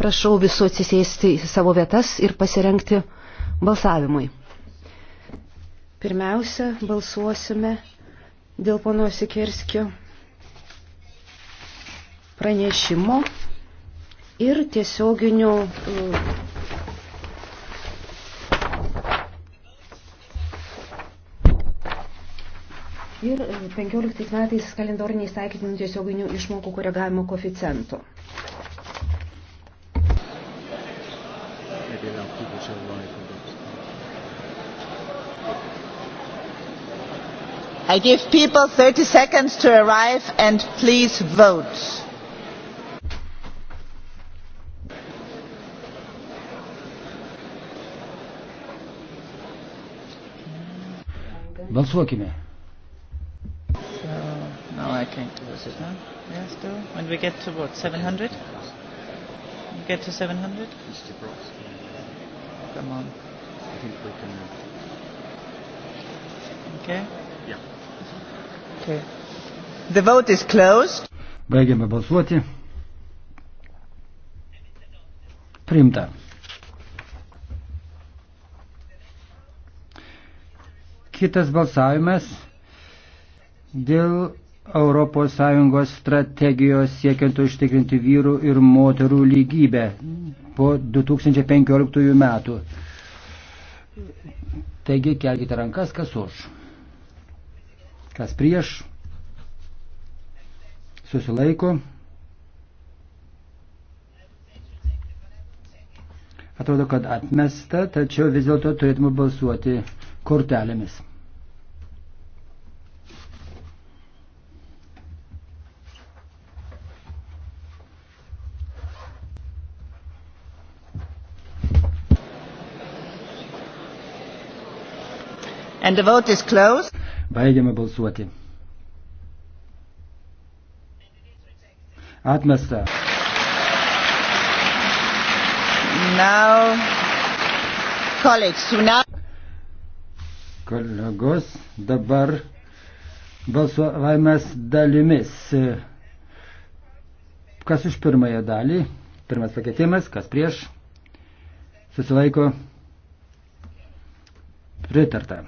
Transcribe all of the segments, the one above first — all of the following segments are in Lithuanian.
Prašau visų atsisėsti į savo vietas ir pasirenkti balsavimui. Pirmiausia, balsuosime dėl pono Sikerskio pranešimo ir tiesioginių uh, Ir 15 uh, metais kalendoriniais taikytinų tiesioginių išmokų koregavimo koficentų. I give people 30 seconds to arrive and please vote. Balsuokime. So, now I can't do this, no? Yeah, still? When we get to what, 700? We get to 700? Mr. Brooks. Come on. I think we can... Okay. Yeah. The vote is closed. Baigiame balsuoti. Primta. Kitas balsavimas dėl ES strategijos siekiant užtikrinti vyrų ir moterų lygybę po 2015 metų. Taigi kelkite rankas, kas už kas prieš, susilaiko. Atrodo, kad atmesta, tačiau vis dėlto turėtume balsuoti kortelėmis. And the vote is closed. Baigiame balsuoti. Atmesta. Now, colleagues, now... Kolegos, dabar balsuojamas dalimis. Kas už pirmąją dalį? Pirmas pakeitimas, kas prieš? Susilaiko pritarta.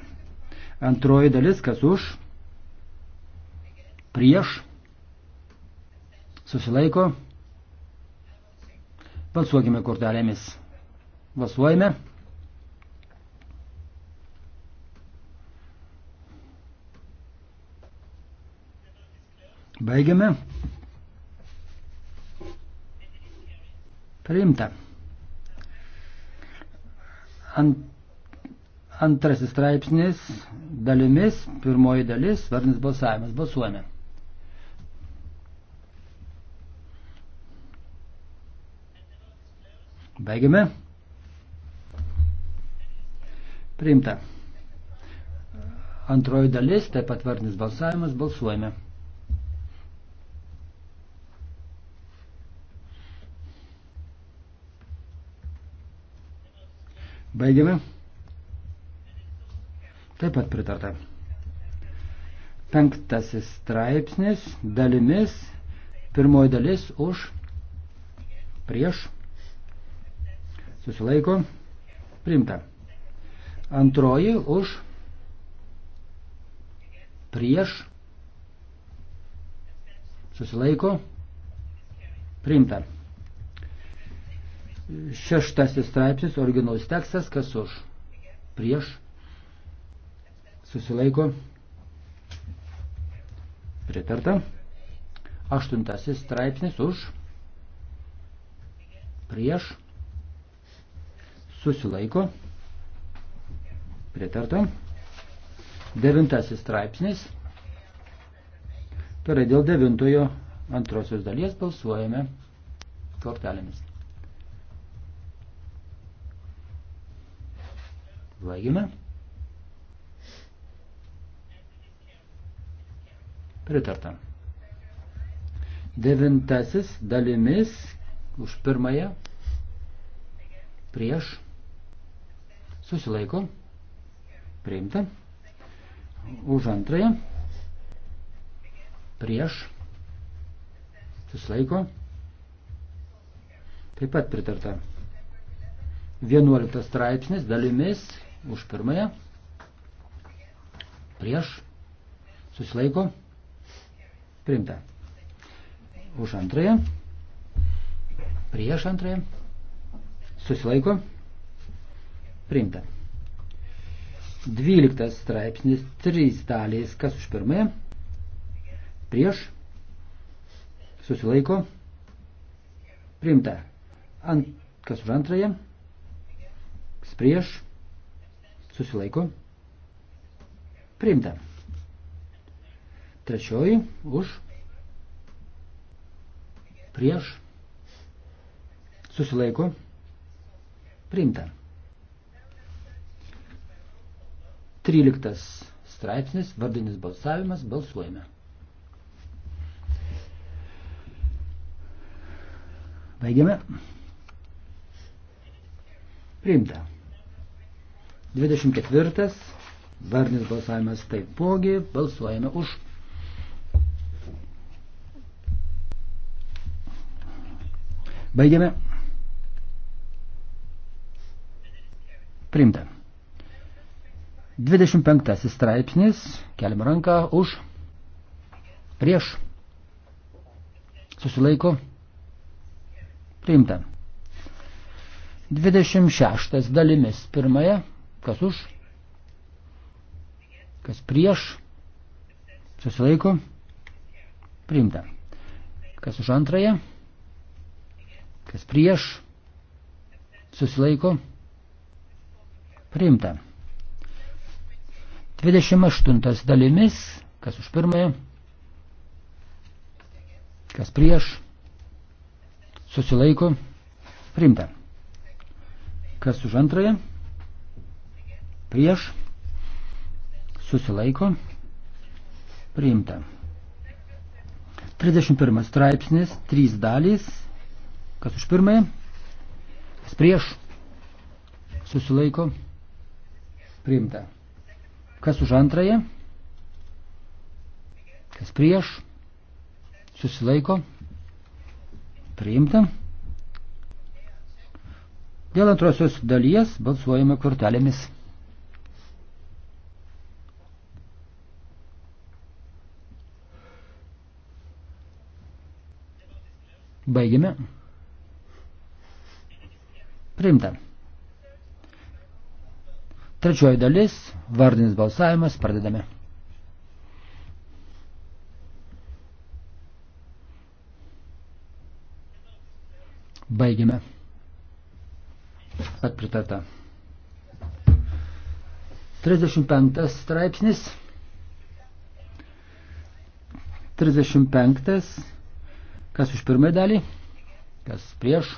Antroji dalis, kas už, prieš, susilaiko. Balsuokime kortelėmis. Balsuojame. Baigiame. Priimta. Ant Antrasis straipsnis dalimis, pirmoji dalis, vardinis balsavimas. Balsuojame. Baigiame. Priimta. Antroji dalis, taip pat vardinis balsavimas, balsuojame. Baigiame. Taip pat pritarta. Penktasis straipsnis dalimis. Pirmoji dalis už prieš susilaiko priimta. Antroji už prieš susilaiko priimta. Šeštasis straipsnis, originalus tekstas, kas už prieš susilaiko pritarta. Aštuntasis straipsnis už prieš susilaiko pritarta. Devintasis straipsnis. Tarai dėl devintojo antrosios dalies balsuojame kortelėmis. Baigime. Pritarta. Devintasis dalimis už pirmąją prieš susilaiko priimta. Už antrąją prieš susilaiko taip pat pritarta. Vienuoliktas straipsnis dalimis už pirmąją prieš susilaiko priimta. Primta. Už antrąją. Prieš antrąją. Susilaiko. Primta. Dvyliktas straipsnis, trys dalys, kas už pirmąją, prieš, susilaiko, primta, ant, kas už antrąją, prieš, susilaiko, primta. Trečioji už, prieš, susilaiko, priimta. Tryliktas straipsnis, vardinis balsavimas, balsuojame. Baigiame. Priimta. 24. Vardinis balsavimas taipogi, balsuojame už. Baigiame. Priimta. 25 straipsnis, keliam ranką už, prieš, susilaiko, priimta. 26 dalimis, pirmąją, kas už, kas prieš, susilaiko, priimta. Kas už antrąją, kas prieš, susilaiko, priimta. 28 dalimis, kas už pirmąją, kas prieš, susilaiko, priimta. Kas už antrąją, prieš, susilaiko, priimta. 31 straipsnis, 3 dalys, Kas už pirmąją? Kas prieš? Susilaiko. Priimta. Kas už antrąją? Kas prieš? Susilaiko. Priimta. Dėl antrosios dalies balsuojame kortelėmis. Baigime. Primta. Trečioji dalis, vardinis balsavimas, pradedame. Baigime. Pat pritarta. 35 straipsnis. 35. Kas už pirmąją dalį, kas prieš,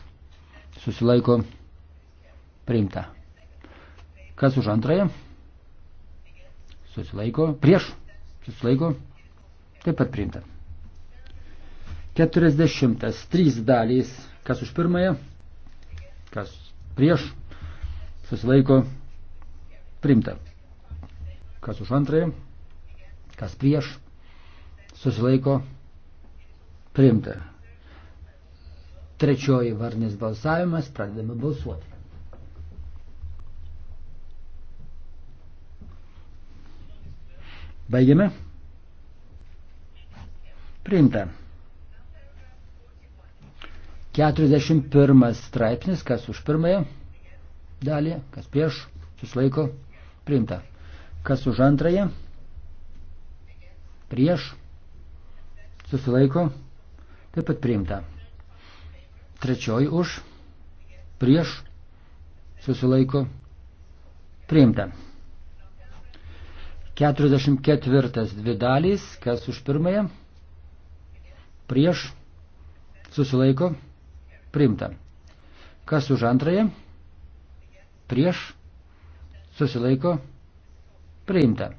susilaiko Priimta. Kas už antrąją? Susilaiko. Prieš. Susilaiko. Taip pat priimta. 40. Trys dalys. Kas už pirmąją? Kas prieš? Susilaiko. Priimta. Kas už antrąją? Kas prieš? Susilaiko. Priimta. Trečioji varnis balsavimas. Pradedame balsuoti. Baigiame. Priimta. 41 straipsnis, kas už pirmąją dalį, kas prieš, susilaiko, priimta. Kas už antrąją, prieš, susilaiko, taip pat priimta. Trečioji už, prieš, susilaiko, priimta. 44 dvi dalys, kas už pirmąją, prieš, susilaiko, primta. Kas už antrąją, prieš, susilaiko, priimta.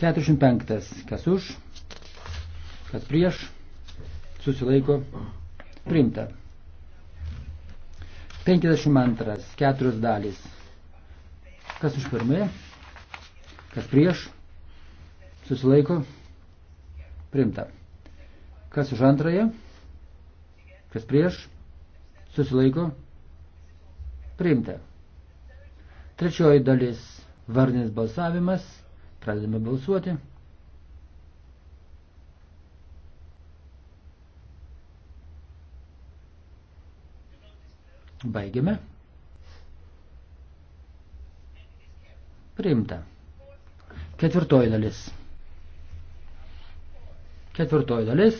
45. Kas už, kas prieš, susilaiko, primta. 52. Keturios dalys. Kas už pirmąją? Kas prieš? Susilaiko? Primta. Kas už antrąją? Kas prieš? Susilaiko? Primta. Trečioji dalis – varnis balsavimas. Pradedame balsuoti. Baigiame. Priimta. Ketvirtoji dalis. Ketvirtoji dalis.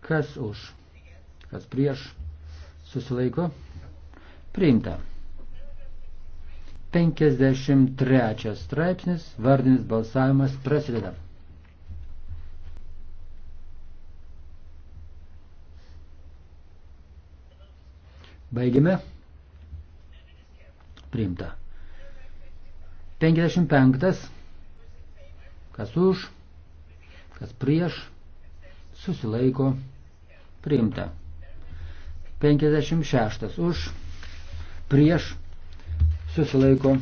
Kas už? Kas prieš? Susilaiko. Priimta. 53 straipsnis, vardinis balsavimas prasideda. Baigime. Priimta. 55. Kas už, kas prieš, susilaiko, priimta. 56. Už, prieš, susilaiko,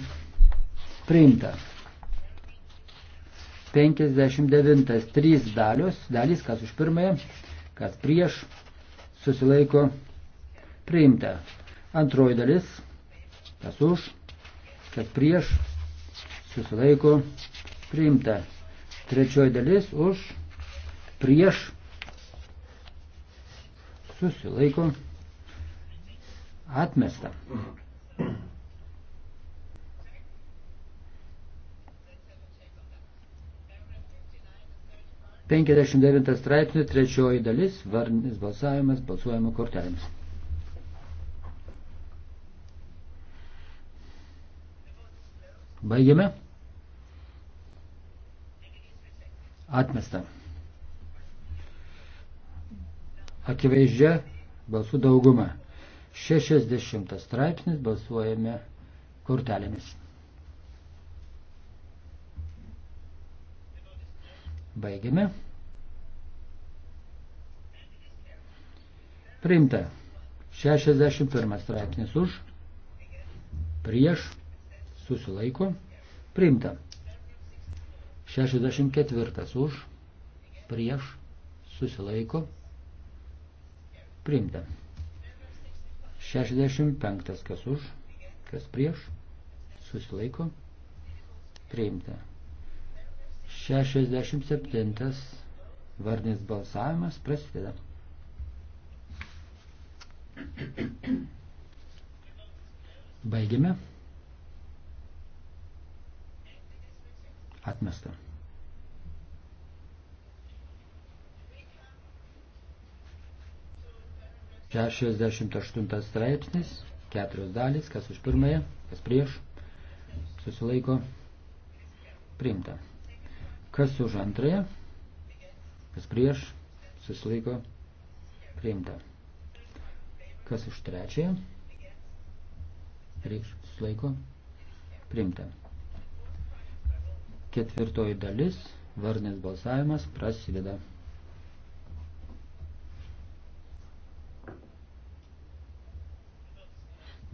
priimta. 59. Trys dalios, dalys, kas už pirmąją, kas prieš, susilaiko, priimta. Antroji dalis, kas už, kas prieš, susilaiko priimta. Trečioji dalis už prieš susilaiko atmesta. Penkiasdešimt devintas straipsnis, trečioji dalis, varnis balsavimas, balsuojama kortelėmis. Baigiame. Atmesta. Akivaizdžia balsų dauguma. 60 straipsnis balsuojame kortelėmis. Baigiame. Priimta. 61 straipsnis už. Prieš. Susilaiko. Priimta. 64 už, prieš, susilaiko, priimta. 65 kas už, kas prieš, susilaiko, priimta. 67 vardinis balsavimas prasideda. Baigiame. Atmesta. Šešiasdešimt aštuntas straipsnis, keturios dalys, kas už pirmąją, kas prieš, susilaiko, priimta. Kas už antrąją, kas prieš, susilaiko, priimta. Kas už trečiąją, prieš, susilaiko, priimta. Ketvirtoji dalis, varnės balsavimas, prasideda.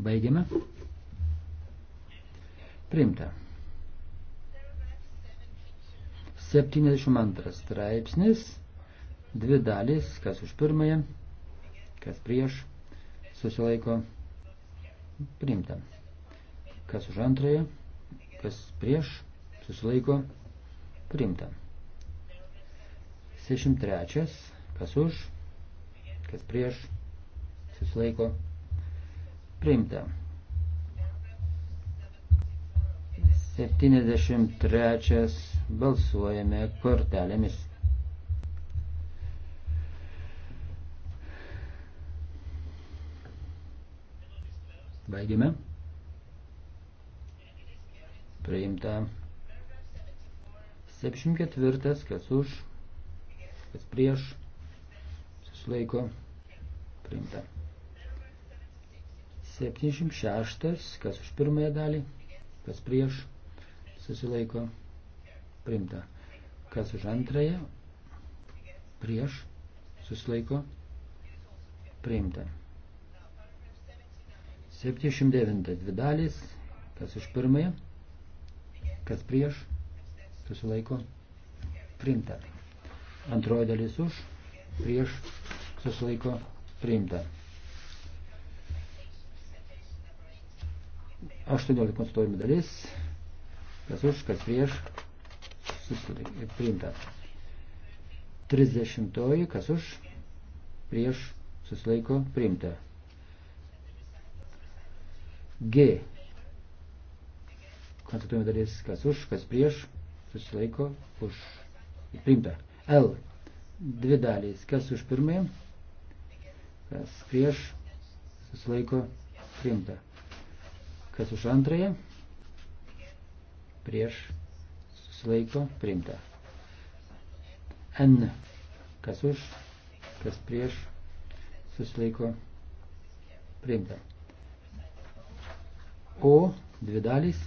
Baigiame. Primta. 72 straipsnis, dvi dalys, kas už pirmąją, kas prieš, susilaiko, priimta. Kas už antrąją, kas prieš, susilaiko priimta. 63. Kas už, kas prieš, susilaiko priimta. 73. Balsuojame kortelėmis. Baigiame. Priimta. 74, kas už, kas prieš, susilaiko, priimta. 76, kas už pirmąją dalį, kas prieš, susilaiko, priimta. Kas už antrąją, prieš, susilaiko, priimta. 79, dvi dalys, kas už pirmąją, kas prieš, susilaiko priimta. Antroji dalis už, prieš susilaiko priimta. 18 konstatuojami dalis, kas už, kas prieš susilaiko priimta. 30 kas už, prieš susilaiko priimta. G. Konstatuojami dalis, kas už, kas prieš susilaiko už priimta. L. Dvi dalys. Kas už pirmąją, kas prieš, susilaiko priimta. Kas už antrąją, prieš, susilaiko priimta. N. Kas už, kas prieš, susilaiko priimta. O. Dvi dalys.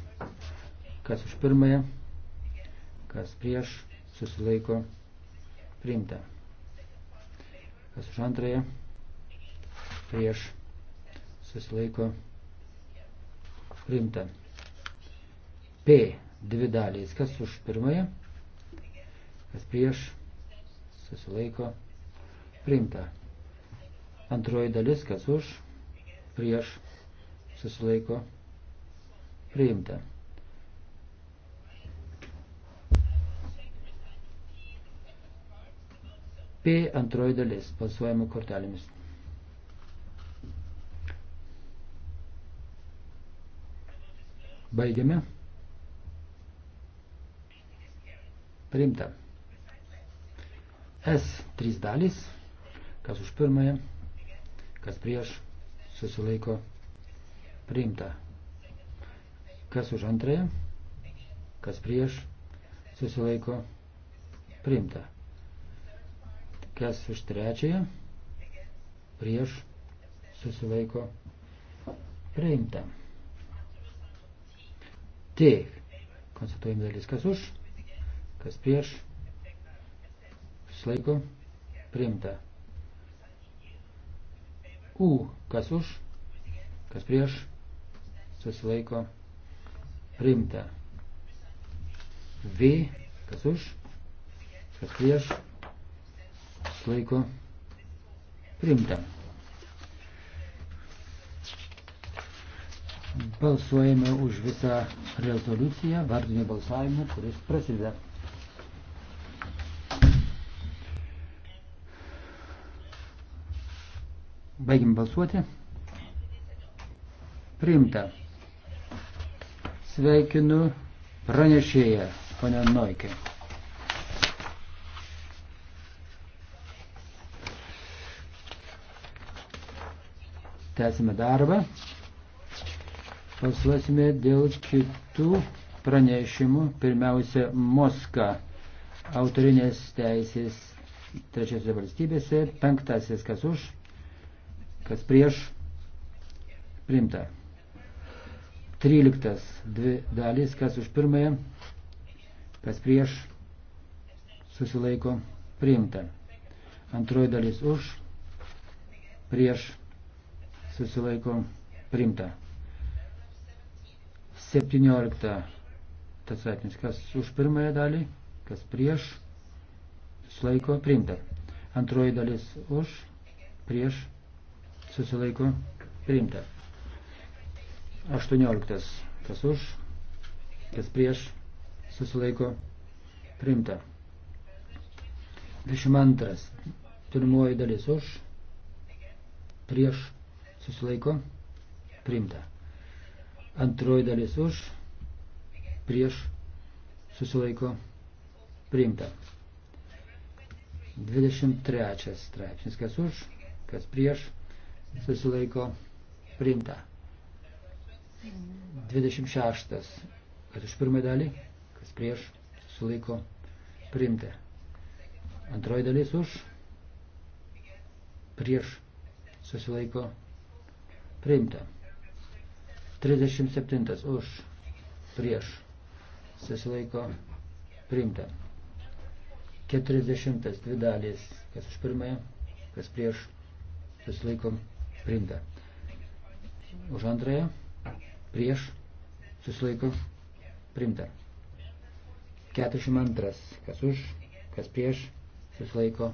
Kas už pirmąją, kas prieš, susilaiko, priimta. Kas už antrąją, prieš, susilaiko, priimta. P. Dvi dalys. Kas už pirmąją, kas prieš, susilaiko, priimta. Antroji dalis, kas už, prieš, susilaiko, priimta. P antroji dalis balsuojame kortelėmis. Baigiame. Priimta. S trys dalys. Kas už pirmąją, kas prieš, susilaiko. Priimta. Kas už antrąją, kas prieš, susilaiko. Priimta. Kas už trečiąją? Prieš susilaiko priimta. T. Konstatuojam dalis. Kas už? Kas prieš? Susilaiko priimta. U. Kas už? Kas prieš? Susilaiko priimta. V. Kas už? Kas prieš? susilaiko priimta. Balsuojame už visą rezoliuciją, vardinį balsavimą, kuris prasideda. Baigim balsuoti. Priimta. Sveikinu pranešėją, ponia Noikė. Tęsime darbą. Balsuosime dėl kitų pranešimų. Pirmiausia, Moska autorinės teisės trečiose valstybėse. Penktasis, kas už, kas prieš. Primta. Tryliktas, dvi dalys, kas už pirmąją, kas prieš. Susilaiko. Primta. Antroji dalis už, prieš susilaiko primta. 17. Tas straipsnis, kas už pirmąją dalį, kas prieš, susilaiko primta. Antroji dalis už, prieš, susilaiko primta. 18. Kas už, kas prieš, susilaiko primta. 22. Pirmoji dalis už, prieš, susilaiko priimta. Antroji dalis už, prieš susilaiko priimta. 23 straipsnis, kas už, kas prieš susilaiko priimta. 26, kas už pirmą dalį, kas prieš susilaiko priimta. Antroji dalis už, prieš susilaiko priimta Priimta. 37 už prieš susilaiko priimta. 40 dvi dalys, kas už pirmąją, kas prieš susilaiko priimta. Už antrąją, prieš susilaiko priimta. 42, kas už, kas prieš susilaiko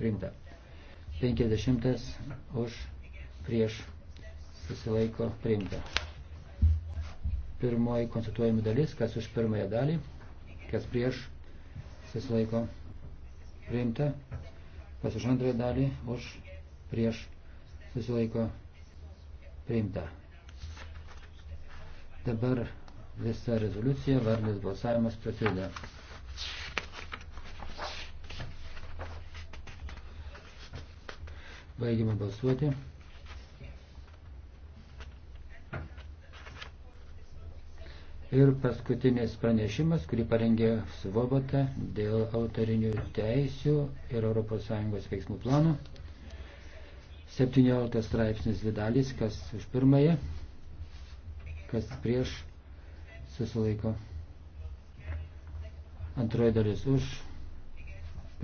priimta. 50 už prieš susilaiko priimta. Pirmoji konstatuojami dalis, kas už pirmąją dalį, kas prieš susilaiko priimta, kas už antrąją dalį, už prieš susilaiko priimta. Dabar visa rezoliucija, vardas balsavimas prasideda. Baigime balsuoti. Ir paskutinis pranešimas, kurį parengė Svobota dėl autorinių teisių ir ES veiksmų plano. 17 straipsnis Vidalis, kas už pirmąją, kas prieš susilaiko. Antroji dalis už,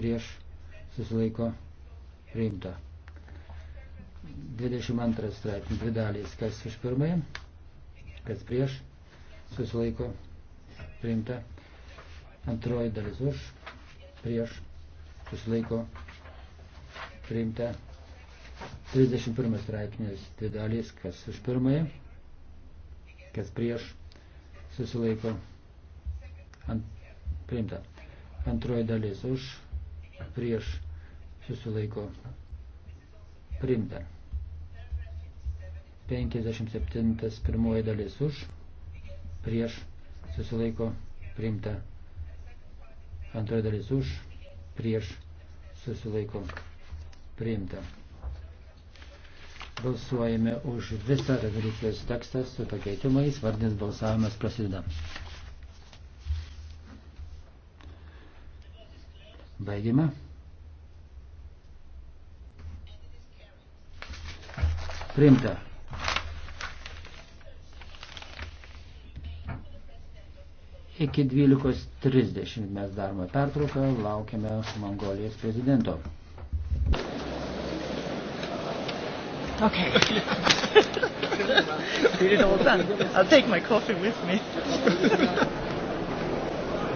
prieš susilaiko rimta. 22 straipsnis Vidalis, kas už pirmąją, kas prieš susilaiko susilaiko priimta. Antroji dalis už, prieš, susilaiko priimta. 31 straipsnis dvi dalys, kas už pirmąją, kas prieš, susilaiko ant, priimta. Antroji dalis už, prieš, susilaiko priimta. 57 pirmoji dalis už, prieš susilaiko priimta. Antroji dalis už, prieš susilaiko priimta. Balsuojame už visą rezoliucijos tekstą su pakeitimais. Vardinis balsavimas prasideda. Baigime. Priimta. Iki 12.30 mes darome pertrauką, laukiame Mongolijos prezidento. Okay. Did it all done. I'll take my coffee with me.